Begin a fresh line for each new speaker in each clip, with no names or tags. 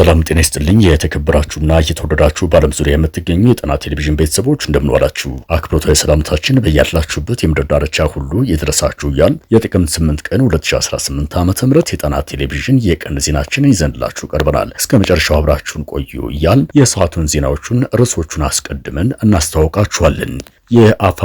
ሰላም ጤና ይስጥልኝ። የተከበራችሁና እየተወደዳችሁ በዓለም ዙሪያ የምትገኙ የጣና ቴሌቪዥን ቤተሰቦች እንደምንዋላችሁ፣ አክብሮታዊ ሰላምታችን በያላችሁበት የምድር ዳርቻ ሁሉ የደረሳችሁ እያል የጥቅምት 8 ቀን 2018 ዓመተ ምህረት የጣና ቴሌቪዥን የቀን ዜናችንን ይዘንላችሁ ቀርበናል። እስከ መጨረሻው አብራችሁን ቆዩ እያል የሰዓቱን ዜናዎቹን ርዕሶቹን አስቀድመን እናስተዋውቃችኋለን። ይህ አፄ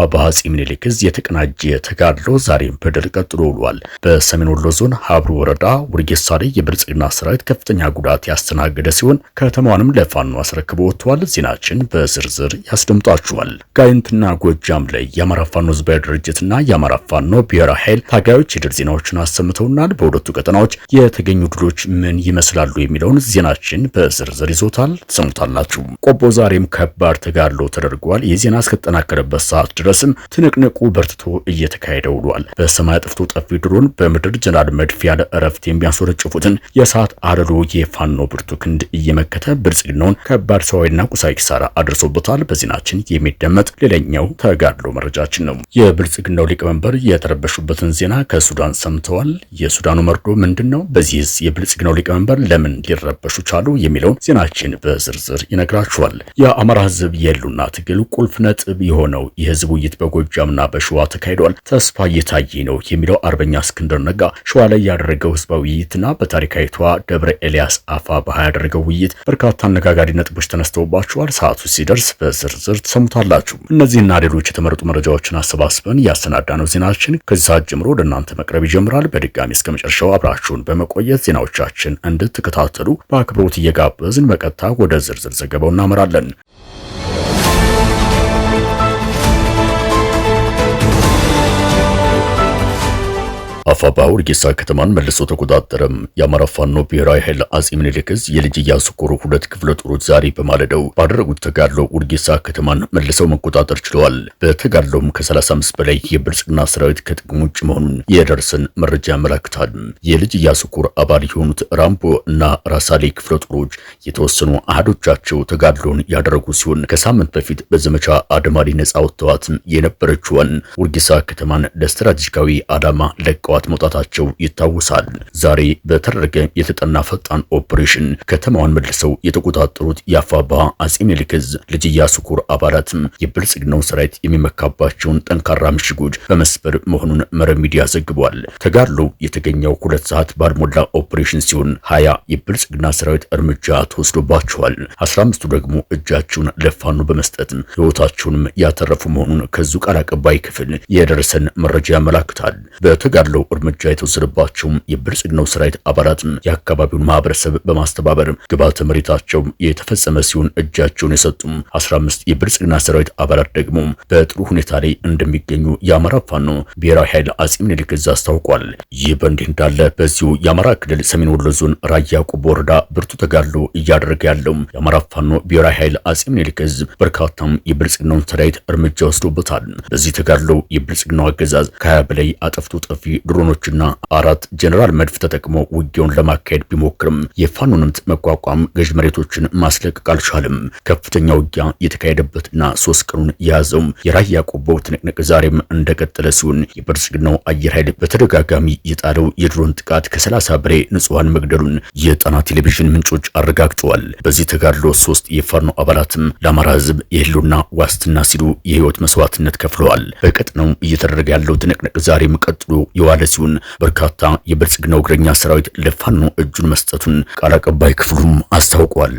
ምኒልክ ዕዝ የተቀናጀ ተጋድሎ ዛሬም በድል ቀጥሎ ውሏል። በሰሜን ወሎ ዞን ሀብሩ ወረዳ ውርጌሳ ላይ የብልጽግና ሰራዊት ከፍተኛ ጉዳት ያስተናገደ ሲሆን ከተማዋንም ለፋኖ አስረክቦ ወጥቷል። ዜናችን በዝርዝር ያስደምጣችኋል። ጋይንትና ጎጃም ላይ የአማራ ፋኖ ህዝባዊ ድርጅትና የአማራ ፋኖ ብሔራዊ ኃይል ታጋዮች የድል ዜናዎችን አሰምተውናል። በሁለቱ ቀጠናዎች የተገኙ ድሎች ምን ይመስላሉ የሚለውን ዜናችን በዝርዝር ይዞታል። ትሰሙታላችሁ። ቆቦ ዛሬም ከባድ ተጋድሎ ተደርጓል። የዜና እስከተጠናከረበት እስከሚደርስበት ሰዓት ድረስም ትንቅንቁ በርትቶ እየተካሄደ ውሏል። በሰማይ አጥፍቶ ጠፊ ድሮን በምድር ጀናድ መድፍ ያለ እረፍት የሚያስወነጭፉትን የሰዓት አረዶ የፋኖ ብርቱ ክንድ እየመከተ ብልጽግናውን ከባድ ሰዋዊና ቁሳዊ ኪሳራ አድርሶበታል። በዜናችን የሚደመጥ ሌላኛው ተጋድሎ መረጃችን ነው። የብልጽግናው ሊቀመንበር የተረበሹበትን ዜና ከሱዳን ሰምተዋል። የሱዳኑ መርዶ ምንድን ነው? በዚህስ የብልጽግናው ሊቀመንበር ለምን ሊረበሹ ቻሉ? የሚለውን ዜናችን በዝርዝር ይነግራችኋል። የአማራ ህዝብ የሉና ትግል ቁልፍ ነጥብ የሆነው የህዝብ ውይይት በጎጃምና በሸዋ ተካሂዷል፣ ተስፋ እየታየ ነው የሚለው አርበኛ እስክንድር ነጋ ሸዋ ላይ ያደረገው ህዝባዊ ውይይትና በታሪካዊቷ ደብረ ኤልያስ አፋ ባህ ያደረገው ውይይት በርካታ አነጋጋሪ ነጥቦች ተነስተውባቸዋል። ሰዓቱ ሲደርስ በዝርዝር ትሰሙታላችሁ። እነዚህና ሌሎች የተመረጡ መረጃዎችን አሰባስበን እያሰናዳ ነው ዜናችን ከዚህ ሰዓት ጀምሮ ወደ እናንተ መቅረብ ይጀምራል። በድጋሚ እስከ መጨረሻው አብራችሁን በመቆየት ዜናዎቻችን እንድትከታተሉ በአክብሮት እየጋበዝን በቀጥታ ወደ ዝርዝር ዘገባው እናመራለን። አፋባ ወርጌሳ ከተማን መልሶ ተቆጣጠረም። የአማራ ፋኖ ብሔራዊ ኃይል አጼ ምኒልክ ዕዝ የልጅ ኢያሱ ኮር ሁለት ክፍለ ጦሮች ዛሬ በማለደው ባደረጉት ተጋድሎ ውርጌሳ ከተማን መልሰው መቆጣጠር ችለዋል። በተጋድሎም ከ35 በላይ የብልጽግና ሰራዊት ከጥቅም ውጭ መሆኑን የደረሰን መረጃ ያመላክታል። የልጅ ኢያሱ ኮር አባል የሆኑት ራምቦ እና ራሳሌ ክፍለ ጦሮች የተወሰኑ አህዶቻቸው ተጋድሎን ያደረጉ ሲሆን ከሳምንት በፊት በዘመቻ አደማሪ ነጻ ወጥተዋት የነበረችውን ወርጌሳ ከተማን ለስትራቴጂካዊ አዳማ ለቀዋል። ጠዋት መውጣታቸው ይታወሳል። ዛሬ በተደረገ የተጠና ፈጣን ኦፕሬሽን ከተማዋን መልሰው የተቆጣጠሩት የአፋባ አጼ ምኒልክ ልጅ ኢያሱ ኮር አባላትም የብልጽግናው ሰራዊት የሚመካባቸውን ጠንካራ ምሽጎች በመስበር መሆኑን መረብ ሚዲያ ዘግቧል። ተጋድሎ የተገኘው ሁለት ሰዓት ባልሞላ ኦፕሬሽን ሲሆን ሀያ የብልጽግና ሰራዊት እርምጃ ተወስዶባቸዋል። አስራ አምስቱ ደግሞ እጃቸውን ለፋኑ በመስጠት ህይወታቸውንም ያተረፉ መሆኑን ከዙ ቃል አቀባይ ክፍል የደረሰን መረጃ ያመላክታል። በተጋድሎው እርምጃ የተወሰደባቸው የብልጽግናው ሰራዊት አባላት የአካባቢውን ማህበረሰብ በማስተባበር ግብዓተ መሬታቸው የተፈጸመ ሲሆን እጃቸውን የሰጡ 15 የብልጽግና ሰራዊት አባላት ደግሞ በጥሩ ሁኔታ ላይ እንደሚገኙ የአማራ ፋኖ ብሔራዊ ኃይል አጼ ምኒልክ ዕዝ አስታውቋል። ይህ በእንዲህ እንዳለ በዚሁ የአማራ ክልል ሰሜን ወሎ ዞን ራያ ቆቦ ወረዳ ብርቱ ተጋድሎ እያደረገ ያለው የአማራ ፋኖ ብሔራዊ ኃይል አጼ ምኒልክ በርካታም የብልጽግናውን ሰራዊት እርምጃ ወስዶበታል። በዚህ ተጋድሎ የብልጽግናው አገዛዝ ከሀያ በላይ አጠፍቶ ጠፊ ድሮኖችና አራት ጀነራል መድፍ ተጠቅሞ ውጊያውን ለማካሄድ ቢሞክርም የፋኖን መቋቋም ገዥ መሬቶችን ማስለቀቅ አልቻልም። ከፍተኛ ውጊያ የተካሄደበትና ሶስት ቀኑን የያዘው የራያ ቆቦ ትንቅንቅ ዛሬም እንደቀጠለ ሲሆን የብልጽግናው አየር ኃይል በተደጋጋሚ የጣለው የድሮን ጥቃት ከ30 በላይ ንጹሐን መግደሉን የጣና ቴሌቪዥን ምንጮች አረጋግጠዋል። በዚህ ተጋድሎ ሶስት የፋኖ አባላትም ለአማራ ህዝብ የህልውና ዋስትና ሲሉ የህይወት መስዋዕትነት ከፍለዋል። በቀጥነው እየተደረገ ያለው ትንቅንቅ ዛሬም ቀጥሎ የዋለ ያለ ሲሆን በርካታ የብልጽግናው እግረኛ ሰራዊት ለፋኖ እጁን መስጠቱን ቃል አቀባይ ክፍሉም አስታውቋል።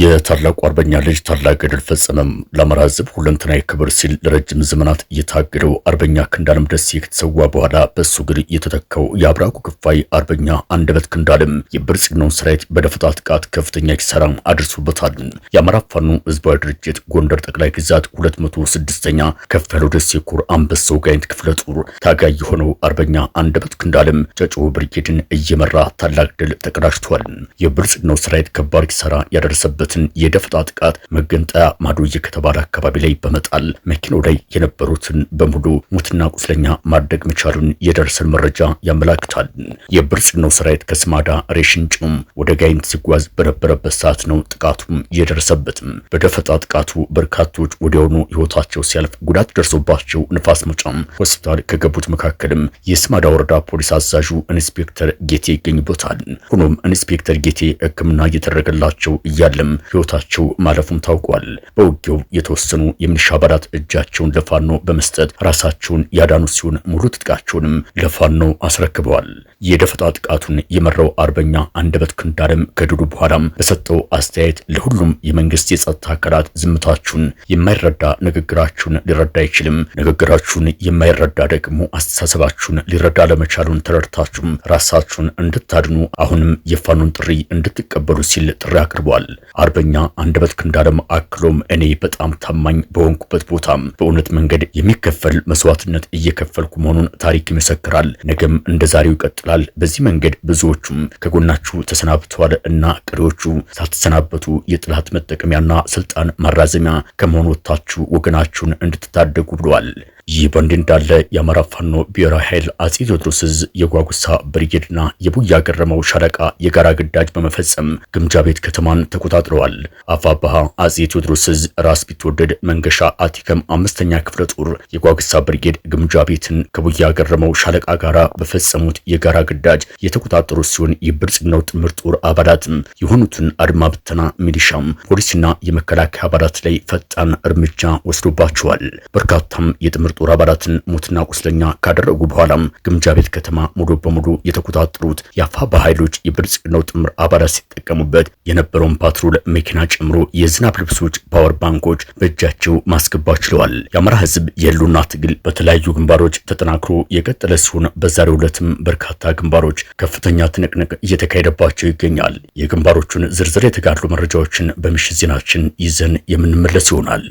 የታላቁ አርበኛ ልጅ ታላቅ ገድል ፈጸመም ለአማራ ህዝብ ሁለንተናዊ ክብር ሲል ለረጅም ዘመናት የታገደው አርበኛ ክንዳለም ደሴ ከተሰዋ በኋላ በእሱ እግር የተተካው የአብራኩ ክፋይ አርበኛ አንደበት ክንዳለም የብልጽግናውን ሰራዊት በደፈጣ ጥቃት ከፍተኛ ኪሳራ አድርሶበታል። የአማራ ፋኖ ህዝባዊ ድርጅት ጎንደር ጠቅላይ ግዛት 206ኛ ከፍ ያለው ደሴ ኮር አንበሳው ጋይንት ክፍለ ጦር ታጋይ የሆነው አርበኛ አንደበት ክንዳለም ጨጮ ብርጌድን እየመራ ታላቅ ድል ተቀዳጅቷል። የብልጽግናው ሰራዊት ከባድ ኪሳራ ያደረሰበት የደረሰበትን የደፈጣ ጥቃት መገንጠያ ማዶዬ ከተባለ አካባቢ ላይ በመጣል መኪናው ላይ የነበሩትን በሙሉ ሙትና ቁስለኛ ማድረግ መቻሉን የደረሰን መረጃ ያመላክታል። የብልጽግናው ሰራዊት ከስማዳ ሬሽን ጭም ወደ ጋይንት ሲጓዝ በነበረበት ሰዓት ነው ጥቃቱም የደረሰበትም። በደፈጣ ጥቃቱ በርካቶች ወዲያውኑ ህይወታቸው ሲያልፍ ጉዳት ደርሶባቸው ንፋስ መጫም ሆስፒታል ከገቡት መካከልም የስማዳ ወረዳ ፖሊስ አዛዡ ኢንስፔክተር ጌቴ ይገኙበታል። ሆኖም ኢንስፔክተር ጌቴ ሕክምና እየተደረገላቸው እያለም ህይወታቸው ማለፉም ታውቋል። በውጊያው የተወሰኑ የሚሊሻ አባላት እጃቸውን ለፋኖ በመስጠት ራሳቸውን ያዳኑ ሲሆን ሙሉ ትጥቃቸውንም ለፋኖ አስረክበዋል። የደፈጣ ጥቃቱን የመራው አርበኛ አንደበት ክንዳረም ከድሉ በኋላም በሰጠው አስተያየት ለሁሉም የመንግስት የጸጥታ አካላት ዝምታችሁን የማይረዳ ንግግራችሁን ሊረዳ አይችልም፣ ንግግራችሁን የማይረዳ ደግሞ አስተሳሰባችሁን ሊረዳ ለመቻሉን ተረድታችሁም ራሳችሁን እንድታድኑ አሁንም የፋኑን ጥሪ እንድትቀበሉ ሲል ጥሪ አቅርቧል። አርበኛ አንደበት ክንዳረም አክሎም እኔ በጣም ታማኝ በሆንኩበት ቦታም በእውነት መንገድ የሚከፈል መስዋዕትነት እየከፈልኩ መሆኑን ታሪክ ይመሰክራል። ነገም እንደዛሬው ይቀጥላል። ይቀራል። በዚህ መንገድ ብዙዎቹም ከጎናችሁ ተሰናብተዋል እና ቀሪዎቹ ሳልተሰናበቱ የጥላት መጠቀሚያና ስልጣን ማራዘሚያ ከመሆን ወጥታችሁ ወገናችሁን እንድትታደጉ ብለዋል። ይህ በእንዲህ እንዳለ የአማራ ፋኖ ብሔራዊ ኃይል አጼ ቴዎድሮስ ዕዝ የጓጉሳ ብርጌድና የቡያ ገረመው ሻለቃ የጋራ ግዳጅ በመፈጸም ግምጃ ቤት ከተማን ተቆጣጥረዋል። አፋባሃ አጼ ቴዎድሮስ ዕዝ ራስ ቢትወደድ መንገሻ አቲከም አምስተኛ ክፍለ ጦር የጓጉሳ ብርጌድ ግምጃ ቤትን ከቡያ ገረመው ሻለቃ ጋራ በፈጸሙት የጋራ ግዳጅ የተቆጣጠሩ ሲሆን የብልጽግናው ጥምር ጦር አባላትም የሆኑትን አድማ ብተና ሚሊሻም፣ ፖሊስና የመከላከያ አባላት ላይ ፈጣን እርምጃ ወስዶባቸዋል። በርካታም የጥምር የጥምር ጦር አባላትን ሙትና ቁስለኛ ካደረጉ በኋላም ግምጃ ቤት ከተማ ሙሉ በሙሉ የተቆጣጠሩት የአፋባ ኃይሎች የብልጽግናው ጥምር አባላት ሲጠቀሙበት የነበረውን ፓትሮል መኪና ጨምሮ የዝናብ ልብሶች፣ ፓወር ባንኮች በእጃቸው ማስገባት ችለዋል። የአማራ የሉና የህልውና ትግል በተለያዩ ግንባሮች ተጠናክሮ የቀጠለ ሲሆን በዛሬው ዕለትም በርካታ ግንባሮች ከፍተኛ ትንቅንቅ እየተካሄደባቸው ይገኛል። የግንባሮቹን ዝርዝር የተጋድሎ መረጃዎችን በምሽት ዜናችን ይዘን የምንመለስ ይሆናል።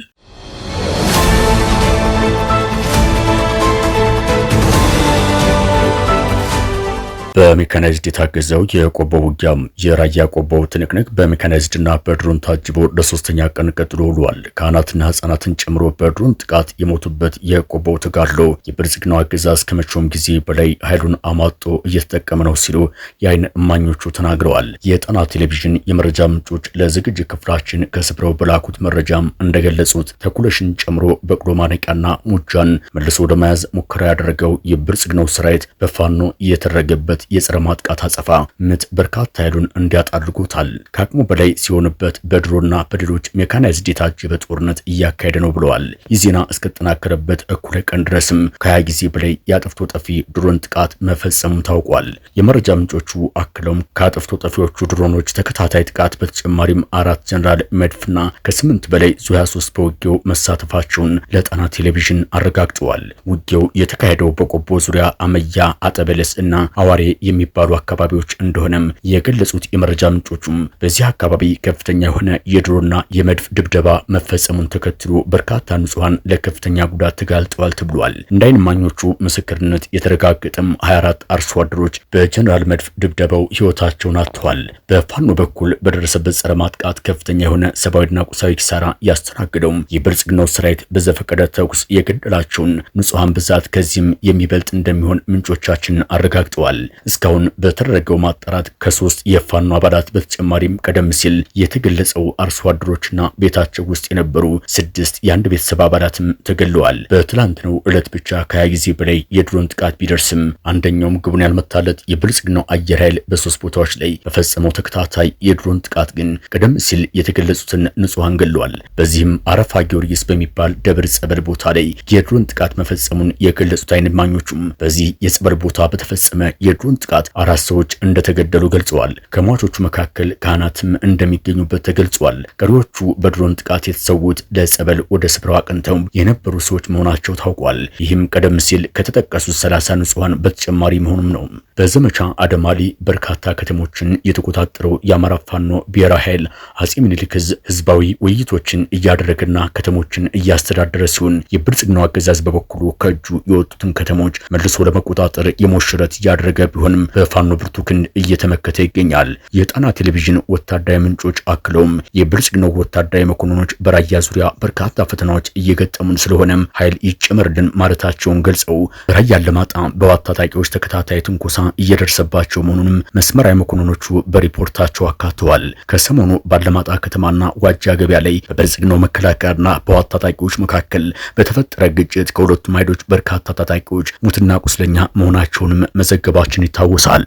በሜካናይዝድ የታገዘው የቆቦ ውጊያ የራያ ቆቦ ትንቅንቅ በሜካናይዝድና በድሮን ታጅቦ ለሶስተኛ ቀን ቀጥሎ ውሏል። ካህናትና ህጻናትን ጨምሮ በድሮን ጥቃት የሞቱበት የቆቦ ተጋድሎ የብልጽግናው አገዛዝ ከመቼውም ጊዜ በላይ ኃይሉን አማጦ እየተጠቀመ ነው ሲሉ የአይን እማኞቹ ተናግረዋል። የጣና ቴሌቪዥን የመረጃ ምንጮች ለዝግጅት ክፍላችን ከስፍራው በላኩት መረጃም እንደገለጹት ተኩለሽን ጨምሮ በቅሎ ማነቂያና ሙጃን መልሶ ለመያዝ ሙከራ ያደረገው የብልጽግናው ሰራዊት በፋኖ እየተደረገበት የከፈቱት የጸረ ማጥቃት አጸፋ ምት በርካታ ኃይሉን እንዲያጣ አድርጎታል። ከአቅሙ በላይ ሲሆንበት በድሮና በሌሎች ሜካናይዝድ የታጀበ ጦርነት እያካሄደ ነው ብለዋል። ይህ ዜና እስከተጠናከረበት እኩለ ቀን ድረስም ከሀያ ጊዜ በላይ የአጥፍቶ ጠፊ ድሮን ጥቃት መፈጸሙም ታውቋል። የመረጃ ምንጮቹ አክለውም ከአጥፍቶ ጠፊዎቹ ድሮኖች ተከታታይ ጥቃት በተጨማሪም አራት ጀነራል መድፍና ከስምንት በላይ ዙ 23 በውጊያው መሳተፋቸውን ለጣና ቴሌቪዥን አረጋግጠዋል። ውጊያው የተካሄደው በቆቦ ዙሪያ አመያ፣ አጠበለስ እና አዋሬ የሚባሉ አካባቢዎች እንደሆነም የገለጹት የመረጃ ምንጮቹም በዚህ አካባቢ ከፍተኛ የሆነ የድሮና የመድፍ ድብደባ መፈጸሙን ተከትሎ በርካታ ንጹሐን ለከፍተኛ ጉዳት ተጋልጠዋል ተብሏል። እንደ አይንማኞቹ ምስክርነት የተረጋገጠም 24 አርሶ አደሮች በጀነራል መድፍ ድብደባው ህይወታቸውን አጥተዋል። በፋኖ በኩል በደረሰበት ጸረ ማጥቃት ከፍተኛ የሆነ ሰብአዊና ቁሳዊ ኪሳራ ያስተናገደው የብልጽግናው ሰራዊት በዘፈቀደ ተኩስ የገደላቸውን ንጹሐን ብዛት ከዚህም የሚበልጥ እንደሚሆን ምንጮቻችን አረጋግጠዋል። እስካሁን በተደረገው ማጣራት ከሶስት የፋኖ አባላት በተጨማሪም ቀደም ሲል የተገለጸው አርሶ አደሮችና ቤታቸው ውስጥ የነበሩ ስድስት የአንድ ቤተሰብ አባላትም ተገለዋል። በትላንትናው ዕለት ብቻ ከሀያ ጊዜ በላይ የድሮን ጥቃት ቢደርስም አንደኛውም ግቡን ያልመታለት የብልጽግናው አየር ኃይል በሶስት ቦታዎች ላይ በፈጸመው ተከታታይ የድሮን ጥቃት ግን ቀደም ሲል የተገለጹትን ንጹሐን ገለዋል። በዚህም አረፋ ጊዮርጊስ በሚባል ደብር ጸበል ቦታ ላይ የድሮን ጥቃት መፈጸሙን የገለጹት አይን እማኞቹም በዚህ የጸበል ቦታ በተፈጸመ የድሮን በተከፈተውን ጥቃት አራት ሰዎች እንደተገደሉ ገልጸዋል። ከሟቾቹ መካከል ካህናትም እንደሚገኙበት ተገልጿል። ቀሪዎቹ በድሮን ጥቃት የተሰዉት ለጸበል ወደ ስፍራው አቅንተው የነበሩ ሰዎች መሆናቸው ታውቋል። ይህም ቀደም ሲል ከተጠቀሱት ሰላሳ ንጹሐን በተጨማሪ መሆኑም ነው። በዘመቻ አደማሊ በርካታ ከተሞችን የተቆጣጠረው የአማራ ፋኖ ብሔራዊ ኃይል አጼ ምኒልክ ዕዝ ህዝባዊ ውይይቶችን እያደረገና ከተሞችን እያስተዳደረ ሲሆን የብልጽግናው አገዛዝ በበኩሉ ከእጁ የወጡትን ከተሞች መልሶ ለመቆጣጠር የሞሽረት እያደረገ ቢሆን ቢሆንም በፋኖ ብርቱ ክንድ እየተመከተ ይገኛል። የጣና ቴሌቪዥን ወታደራዊ ምንጮች አክለውም የብልጽግናው ወታደራዊ መኮንኖች በራያ ዙሪያ በርካታ ፈተናዎች እየገጠሙን ስለሆነም ኃይል ይጨመርልን ማለታቸውን ገልጸው ራያን ለማጣ በዋት ታጣቂዎች ተከታታይ ትንኮሳ እየደረሰባቸው መሆኑንም መስመራዊ መኮንኖቹ በሪፖርታቸው አካተዋል። ከሰሞኑ ባለማጣ ከተማና ዋጃ ገበያ ላይ በብልጽግናው መከላከያና በዋት ታጣቂዎች መካከል በተፈጠረ ግጭት ከሁለቱም ኃይሎች በርካታ ታጣቂዎች ሙትና ቁስለኛ መሆናቸውንም መዘገባችን ይታወሳል።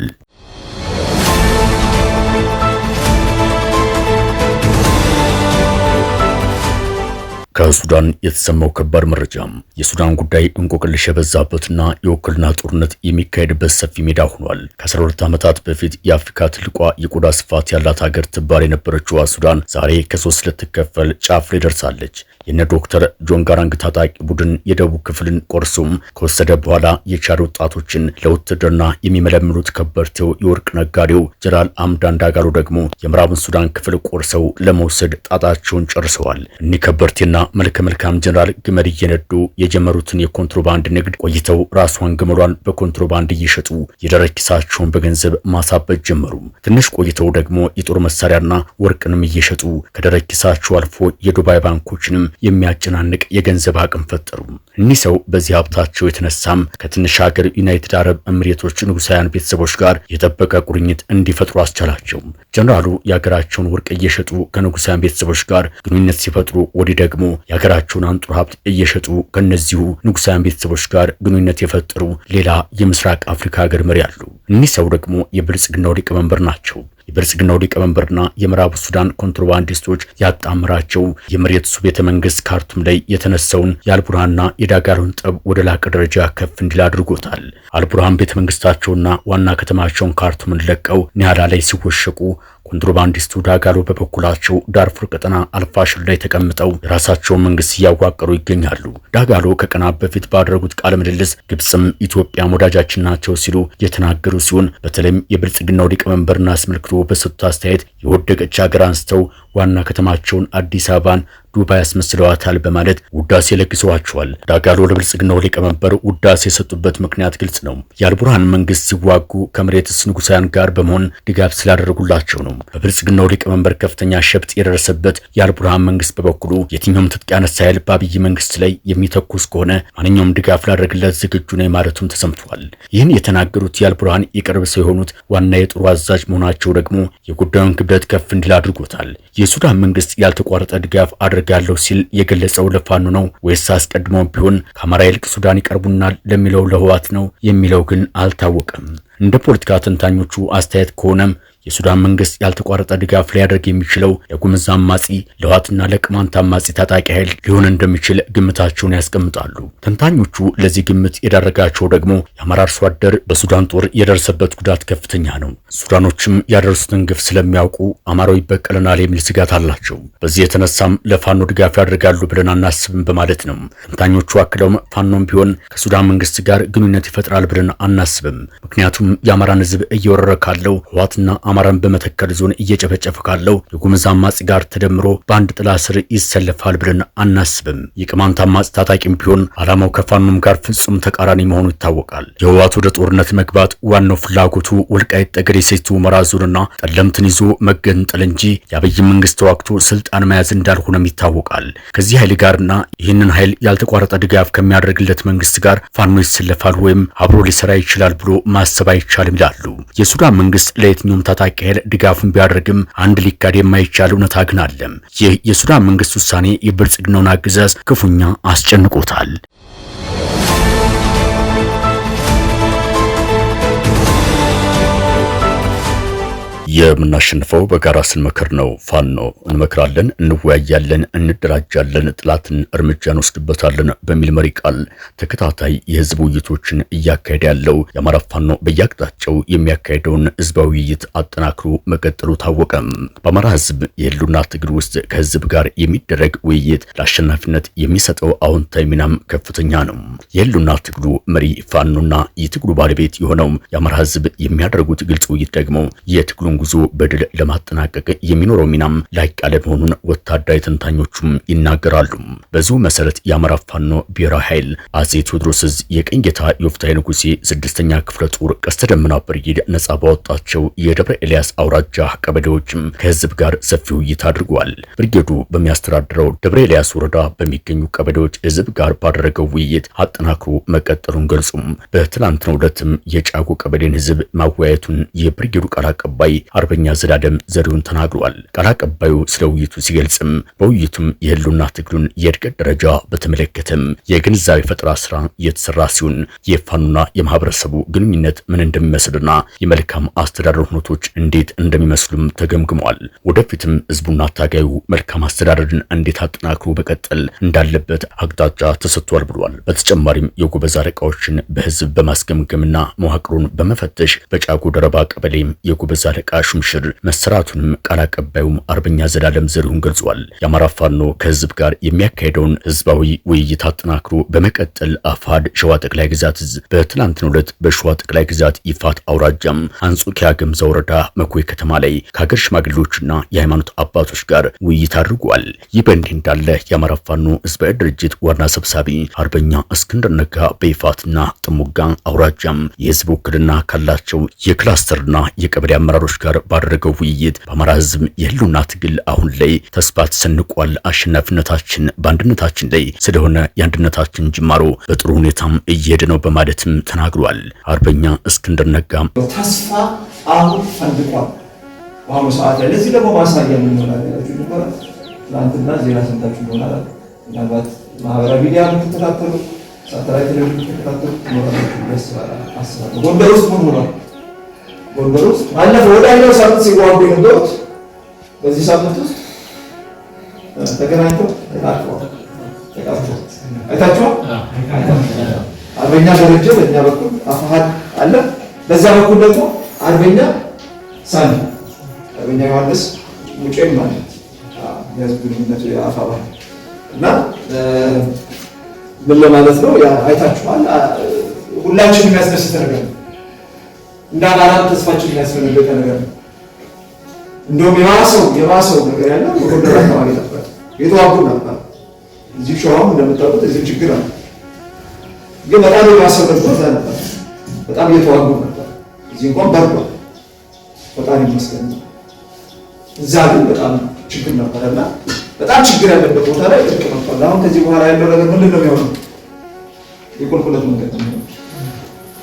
ከሱዳን የተሰማው ከባድ መረጃ የሱዳን ጉዳይ እንቆቅልሽ የበዛበትና የውክልና ጦርነት የሚካሄድበት ሰፊ ሜዳ ሆኗል። ከ12 ዓመታት በፊት የአፍሪካ ትልቋ የቆዳ ስፋት ያላት ሀገር ትባል የነበረችዋ ሱዳን ዛሬ ከሶስት ልትከፈል ጫፍ ላይ ደርሳለች። የነ ዶክተር ጆን ጋራንግ ታጣቂ ቡድን የደቡብ ክፍልን ቆርሶም ከወሰደ በኋላ የቻድ ወጣቶችን ለውትድርና የሚመለምሉት ከበርቴው የወርቅ ነጋዴው ጀራል አምዳን ዳጋሎ ደግሞ የምዕራብን ሱዳን ክፍል ቆርሰው ለመውሰድ ጣጣቸውን ጨርሰዋል። እኒህ ከበርቴና መልከ መልካም ጀነራል ግመል እየነዱ የጀመሩትን የኮንትሮባንድ ንግድ ቆይተው ራሷን ግመሏን በኮንትሮባንድ እየሸጡ የደረኪሳቸውን ኪሳቸውን በገንዘብ ማሳበት ጀመሩ። ትንሽ ቆይተው ደግሞ የጦር መሳሪያና ወርቅንም እየሸጡ ከደረኪሳቸው ኪሳቸው አልፎ የዱባይ ባንኮችንም የሚያጨናንቅ የገንዘብ አቅም ፈጠሩ። እኒህ ሰው በዚህ ሀብታቸው የተነሳም ከትንሽ ሀገር ዩናይትድ አረብ እምሬቶች ንጉሳውያን ቤተሰቦች ጋር የጠበቀ ቁርኝት እንዲፈጥሩ አስቻላቸው። ጀነራሉ የሀገራቸውን ወርቅ እየሸጡ ከንጉሳውያን ቤተሰቦች ጋር ግንኙነት ሲፈጥሩ ወዲህ ደግሞ የሀገራቸውን አንጡር ሀብት እየሸጡ ከነዚሁ ንጉሳውያን ቤተሰቦች ጋር ግንኙነት የፈጠሩ ሌላ የምስራቅ አፍሪካ ሀገር መሪ አሉ። እኒህ ሰው ደግሞ የብልጽግናው ሊቀመንበር ናቸው። የብልጽግናው ሊቀመንበርና የምዕራብ ሱዳን ኮንትሮባንዲስቶች ያጣምራቸው የመሬት ሱ ቤተ መንግስት ካርቱም ላይ የተነሳውን የአልቡርሃንና የዳጋሎን ጠብ ወደ ላቀ ደረጃ ከፍ እንዲል አድርጎታል። አልቡርሃን ቤተ መንግስታቸውና ዋና ከተማቸውን ካርቱምን ለቀው ኒያላ ላይ ሲወሸቁ ኮንትሮባንዲስቱ ዳጋሎ በበኩላቸው ዳርፉር ቀጠና አልፋሽር ላይ ተቀምጠው የራሳቸው መንግስት እያዋቀሩ ይገኛሉ። ዳጋሎ ከቀናት በፊት ባደረጉት ቃለ ምልልስ ግብፅም ኢትዮጵያም ወዳጃችን ናቸው ሲሉ የተናገሩ ሲሆን በተለይም የብልጽግናው ሊቀመንበርን አስመልክቶ በሰጡት አስተያየት የወደቀች ሀገር አንስተው ዋና ከተማቸውን አዲስ አበባን ዱባይ አስመስለዋታል በማለት ውዳሴ ለግሰዋቸዋል። ዳጋሎ ለብልጽግናው ሊቀመንበር ውዳሴ የሰጡበት ምክንያት ግልጽ ነው። የአልቡርሃን መንግስት ሲዋጉ ከመሬትስ ንጉሳውያን ጋር በመሆን ድጋፍ ስላደረጉላቸው ነው። በብልጽግናው ሊቀመንበር ከፍተኛ ሸብጥ የደረሰበት የአልቡርሃን መንግስት በበኩሉ የትኛውም ትጥቅ ያነሳ ኃይል በአብይ መንግስት ላይ የሚተኩስ ከሆነ ማንኛውም ድጋፍ ላደረግለት ዝግጁ ነው ማለቱም ተሰምቷል። ይህን የተናገሩት የአልቡርሃን የቅርብ ሰው የሆኑት ዋና የጦሩ አዛዥ መሆናቸው ደግሞ የጉዳዩን ክብደት ከፍ እንዲል አድርጎታል። የሱዳን መንግስት ያልተቋረጠ ድጋፍ አድርገ አደርጋለሁ ሲል የገለጸው ለፋኑ ነው ወይስ አስቀድሞ ቢሆን ከአማራ ይልቅ ሱዳን ይቀርቡናል ለሚለው ለህዋት ነው የሚለው ግን አልታወቀም። እንደ ፖለቲካ ተንታኞቹ አስተያየት ከሆነም የሱዳን መንግስት ያልተቋረጠ ድጋፍ ሊያደርግ የሚችለው ለጉምዝ አማጺ፣ ለዋትና ለቅማንት አማጺ ታጣቂ ኃይል ሊሆን እንደሚችል ግምታቸውን ያስቀምጣሉ። ተንታኞቹ ለዚህ ግምት የዳረጋቸው ደግሞ የአማራ አርሶ አደር በሱዳን ጦር የደረሰበት ጉዳት ከፍተኛ ነው። ሱዳኖችም ያደረሱትን ግፍ ስለሚያውቁ አማራው ይበቀለናል የሚል ስጋት አላቸው። በዚህ የተነሳም ለፋኖ ድጋፍ ያደርጋሉ ብለን አናስብም በማለት ነው። ተንታኞቹ አክለውም ፋኖም ቢሆን ከሱዳን መንግስት ጋር ግንኙነት ይፈጥራል ብለን አናስብም። ምክንያቱም የአማራን ህዝብ እየወረረ ካለው ህዋትና አማራን በመተከል ዞን እየጨፈጨፈ ካለው የጉምዝ አማጽ ጋር ተደምሮ በአንድ ጥላ ስር ይሰለፋል ብለን አናስብም። የቅማንት አማጽ ታጣቂም ቢሆን ዓላማው ከፋኖም ጋር ፍጹም ተቃራኒ መሆኑ ይታወቃል። የህወሓት ወደ ጦርነት መግባት ዋናው ፍላጎቱ ወልቃይት ጠገዴ፣ ሰቲት ሁመራ ዞንና ጠለምትን ይዞ መገንጠል እንጂ የአብይ መንግስት ተዋግቶ ስልጣን መያዝ እንዳልሆነም ይታወቃል። ከዚህ ኃይል ጋርና ይህንን ኃይል ያልተቋረጠ ድጋፍ ከሚያደርግለት መንግስት ጋር ፋኖ ይሰለፋል ወይም አብሮ ሊሰራ ይችላል ብሎ ማሰብ አይቻልም ይላሉ። የሱዳን መንግስት ለየትኛውም ታታ እንድታካሄድ ድጋፉን ቢያደርግም አንድ ሊካድ የማይቻል እውነታ ግን አለም። ይህ የሱዳን መንግስት ውሳኔ የብልጽግናውን አገዛዝ ክፉኛ አስጨንቆታል። የምናሸንፈው በጋራ ስንመክር ነው። ፋኖ እንመክራለን፣ እንወያያለን፣ እንደራጃለን፣ ጥላትን እርምጃ እንወስድበታለን በሚል መሪ ቃል ተከታታይ የህዝብ ውይይቶችን እያካሄደ ያለው የአማራ ፋኖ በየአቅጣጫው የሚያካሄደውን ህዝባዊ ውይይት አጠናክሮ መቀጠሉ ታወቀ በአማራ ህዝብ የህሉና ትግል ውስጥ ከህዝብ ጋር የሚደረግ ውይይት ለአሸናፊነት የሚሰጠው አዎንታዊ ሚናም ከፍተኛ ነው። የህሉና ትግሉ መሪ ፋኖና የትግሉ ባለቤት የሆነው የአማራ ህዝብ የሚያደርጉት ግልጽ ውይይት ደግሞ የትግሉን ጉዞ በድል ለማጠናቀቅ የሚኖረው ሚናም ላቅ ያለ መሆኑን ወታደራዊ ተንታኞቹም ይናገራሉ። በዚሁ መሰረት የአማራ ፋኖ ብሔራዊ ኃይል አጼ ቴዎድሮስ ዕዝ የቀኝ ጌታ ዮፍታይ ንጉሴ ስድስተኛ ክፍለ ጦር ቀስተ ደመና ብርጌድ ነጻ ባወጣቸው የደብረ ኤልያስ አውራጃ ቀበሌዎችም ከህዝብ ጋር ሰፊ ውይይት አድርጓል። ብርጌዱ በሚያስተዳድረው ደብረ ኤልያስ ወረዳ በሚገኙ ቀበሌዎች ህዝብ ጋር ባደረገው ውይይት አጠናክሮ መቀጠሉን ገልጹም በትላንትናው ዕለትም የጫጎ ቀበሌን ህዝብ ማወያየቱን የብርጌዱ ቃል አቀባይ አርበኛ ዘዳደም ዘሪሁን ተናግሯል። ቃል አቀባዩ ስለ ውይይቱ ሲገልጽም በውይይቱም የህልውና ትግሉን የእድገት ደረጃ በተመለከተም የግንዛቤ ፈጠራ ስራ እየተሰራ ሲሆን የፋኑና የማህበረሰቡ ግንኙነት ምን እንደሚመስልና የመልካም አስተዳደር ሁነቶች እንዴት እንደሚመስሉም ተገምግመዋል። ወደፊትም ህዝቡና ታጋዩ መልካም አስተዳደርን እንዴት አጠናክሮ በቀጠል እንዳለበት አቅጣጫ ተሰጥቷል ብሏል። በተጨማሪም የጎበዝ አለቃዎችን በህዝብ በማስገምገምና መዋቅሩን በመፈተሽ በጫጎ ደረባ ቀበሌም የጎበዝ አለቃ ሹምሽር መሰራቱንም ቃል አቀባዩም አርበኛ ዘላለም ዘሪሁን ገልጿል። የአማራ ፋኖ ከህዝብ ጋር የሚያካሄደውን ህዝባዊ ውይይት አጠናክሮ በመቀጠል አፋድ ሸዋ ጠቅላይ ግዛት እዝ በትናንትናው ዕለት በሸዋ ጠቅላይ ግዛት ይፋት አውራጃም አንጾኪያ ገምዛ ወረዳ መኮይ ከተማ ላይ ከሀገር ሽማግሌዎችና የሃይማኖት አባቶች ጋር ውይይት አድርጓል። ይህ በእንዲህ እንዳለ የአማራ ፋኖ ህዝባዊ ድርጅት ዋና ሰብሳቢ አርበኛ እስክንድር ነጋ በይፋትና ጥሙጋ አውራጃም የህዝብ ውክልና ካላቸው የክላስተርና የቀበሌ አመራሮች ጋር ጋር ባደረገው ውይይት በአማራ ህዝብ የህልውና ትግል አሁን ላይ ተስፋ ተሰንቋል። አሸናፊነታችን በአንድነታችን ላይ ስለሆነ የአንድነታችን ጅማሮ በጥሩ ሁኔታም እየሄደ ነው በማለትም ተናግሯል። አርበኛ እስክንድር ነጋም ተስፋ አሁን ፈንድቋል። በአሁኑ ሰዓት ላይ ለዚህ ደግሞ ማሳያ የምንሆናገራችሁ ነበረ። ትናንትና ዜና ሰምታችሁ ይሆናል። ምናልባት ማህበራዊ ሚዲያ የምትከታተሉ ሳተላይት ላይ የምትከታተሉ ኖራችሁ ደስ ስራ አስባለሁ። ጎንደር ውስጥ ምን ሆኗል? ጎንደር ውስጥ ባለፈው ወዳኛው ሳምንት ሲዋጉ የነበሩት በዚህ ሳምንት ውስጥ ተገናኝተው አይታችኋል። አርበኛ ደረጀ በእኛ በኩል አፋሃድ አለ። በዚያ በኩል ደግሞ አርበኛ ሳኒ አርበኛ ዮሐንስ ሙጬም ማለት የህዝብ ግንኙነቱ እና ምን ለማለት ነው አይታችኋል። ሁላችንም የሚያስደስት ነገር ነው እንዳላላት ተስፋችን የሚያስፈነገጠ ነገር ነው። እንደውም የባሰው የባሰው ነገር ያለው ጎንደር አካባቢ ነበር። የተዋጉ ነበር። እዚህ ሸዋም እንደምታውቁት እዚህ ችግር አለ። ግን በጣም የባሰበት ቦታ ነበር። በጣም እየተዋጉ ነበር። እዚህ እንኳን በርዷል፣ በጣም ይመስገን። እዛ ግን በጣም ችግር ነበረና በጣም ችግር ያለበት ቦታ ላይ እርቅ መጥቷል። አሁን ከዚህ በኋላ ያለው ነገር ምንድን ነው የሚሆነው? የቁልቁለት መንገድ ነው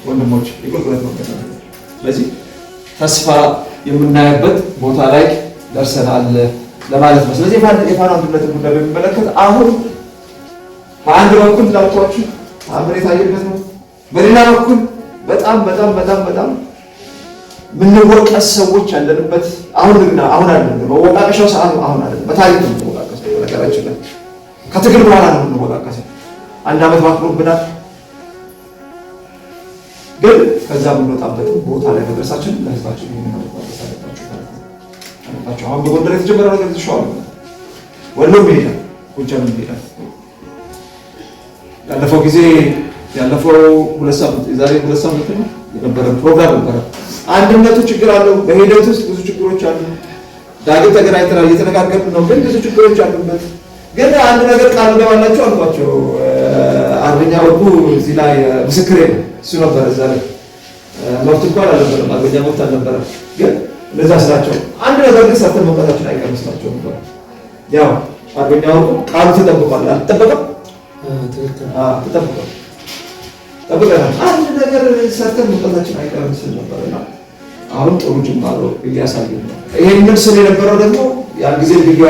ወንድሞች፣ የቁልቁለት መንገድ ነው ስለዚህ ተስፋ የምናየበት ቦታ ላይ ደርሰናል ለማለት ነው። ስለዚህ የፋኖ አንድነትን ጉዳይ በሚመለከት አሁን በአንድ በኩል ላውቷችሁ አምር የታየበት ነው። በሌላ በኩል በጣም በጣም በጣም በጣም ምንወቀስ ሰዎች ያለንበት አሁን ግና አሁን አይደለም፣ መወቃቀሻው ሰዓት አሁን አይደለም። በታሪክ ነው የምንወቃቀሰው። ነገራችን ላይ ከትግል በኋላ ነው የምንወቃቀሰው። አንድ ዓመት ባክኖብናል። ግን ከዛ የምንወጣበት ቦታ ላይ መድረሳችን ለህዝባችን የሚመለባበስ አሁን በጎንደር የተጀመረ ነገር ተሸዋል። ወሎም ይሄዳል፣ ጎጃም ይሄዳል። ያለፈው ጊዜ ያለፈው ሁለት ሳምንት የዛሬ ሁለት ሳምንት ነው የነበረ ፕሮግራም ነበረ። አንድነቱ ችግር አለው። በሂደት ውስጥ ብዙ ችግሮች አሉ። ዳግም ተገናኝተናል፣ እየተነጋገርን ነው። ግን ብዙ ችግሮች አሉበት። ግን አንድ ነገር ቃል ገባላቸው አልኳቸው። አርበኛ ወጉ እዚህ ላይ ምስክሬ ነው እሱ ነበረ እዛ ላይ መብት እንኳን አልነበረም፣ ማግኛ መብት አልነበረም። ግን እንደዛ ስላቸው አንድ ነገር ግን ሰርተን መውጣታችን አይቀርም ስላቸው ነበር። ያው አርበኛ ወርቁ ቃሉ ተጠብቋል፣ አልተጠበቀም? ተጠብቋል፣ ጠብቀናል። አንድ ነገር ሰርተን መውጣታችን አይቀርም ስል ነበር እና አሁን ጥሩ ጅማሮ እያሳዩ ነው። ይህንን ስል የነበረው ደግሞ ያን ጊዜ ግቢ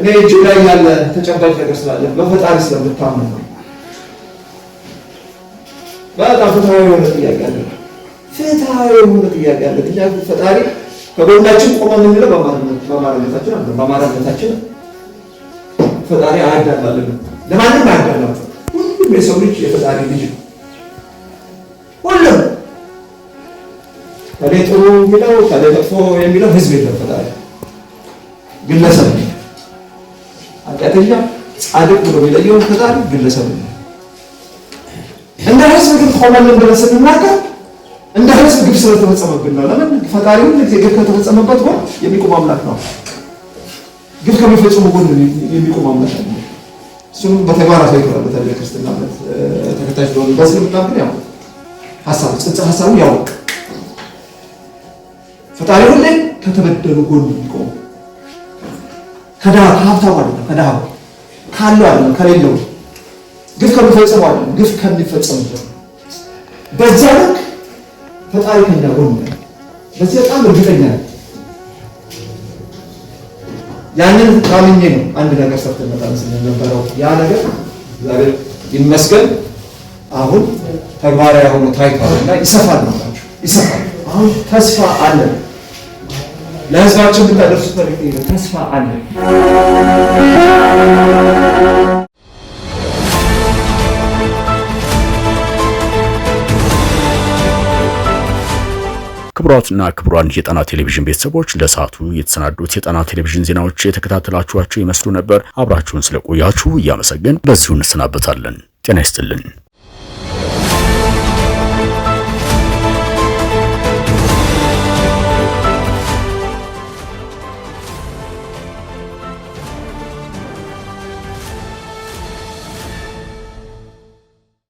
እኔ እጅ ላይ ያለ ተጨባጭ ነገር ስላለ በፈጣሪ ስለምታምን ነው በጣም ፍትሐዊ የሆነ ጥያቄ አለ። የሆነ ጥያቄ አለ። ፈጣሪ ከጎናችን ቆመ የምንለው ፈጣሪ አያዳላልን፣ ለማንም ሁሉም የሰው ልጅ የፈጣሪ ልጅ ነው። ሁሉም ጥሩ የሚለው ከላይ የሚለው ህዝብ የለም። ፈጣሪ ግለሰብ፣ ኃጢአተኛ ጻድቅ ብሎ የሚለየውን ፈጣሪ ግለሰብ ነው። እንደ ህዝብ ግን ቆመልን ብለን ስንናገር እንደ ህዝብ ግብ ስለተፈጸመብን ነው። ለምን ፈጣሪው ግብ ከተፈጸመበት ጎን የሚቆም አምላክ ነው። ግብ ከሚፈጽሙ ጎን የሚቆም አምላክ ነው። እሱም በተግባር አሳይቶበታል። ለክርስትና ተከታይ ሲሆን በእስልምና ግን ያው ሀሳቡ ጽንሰ ሀሳቡ ያወቅ ፈጣሪ ሁሌ ከተበደሉ ጎን የሚቆም ከድሃ ከሀብታው አይደለም፣ ከድሃው ካለው አይደለም፣ ከሌለው ግፍ ከሚፈጽሙ አይደለም፣ ግፍ ከሚፈጸምበት በዚያ ልክ ፈጣሪ ከኛ ጎን ነው። በዚህ በጣም እርግጠኛ ነው። ያንን ታምኜ ነው አንድ ነገር ሰርተን መጣን ስለነበረው ያ ነገር እግዚአብሔር ይመስገን አሁን ተግባራዊ ሆኖ ታይቷል እና ይሰፋል ነው ይሰፋል። አሁን ተስፋ አለ። ለህዝባችን ብታደርሱ ተስፋ አለ። ክቡራትና ክቡራን የጣና ቴሌቪዥን ቤተሰቦች ለሰዓቱ የተሰናዱት የጣና ቴሌቪዥን ዜናዎች የተከታተላችኋቸው ይመስሉ ነበር። አብራችሁን ስለቆያችሁ እያመሰገን በዚሁ እንሰናበታለን። ጤና ይስጥልን።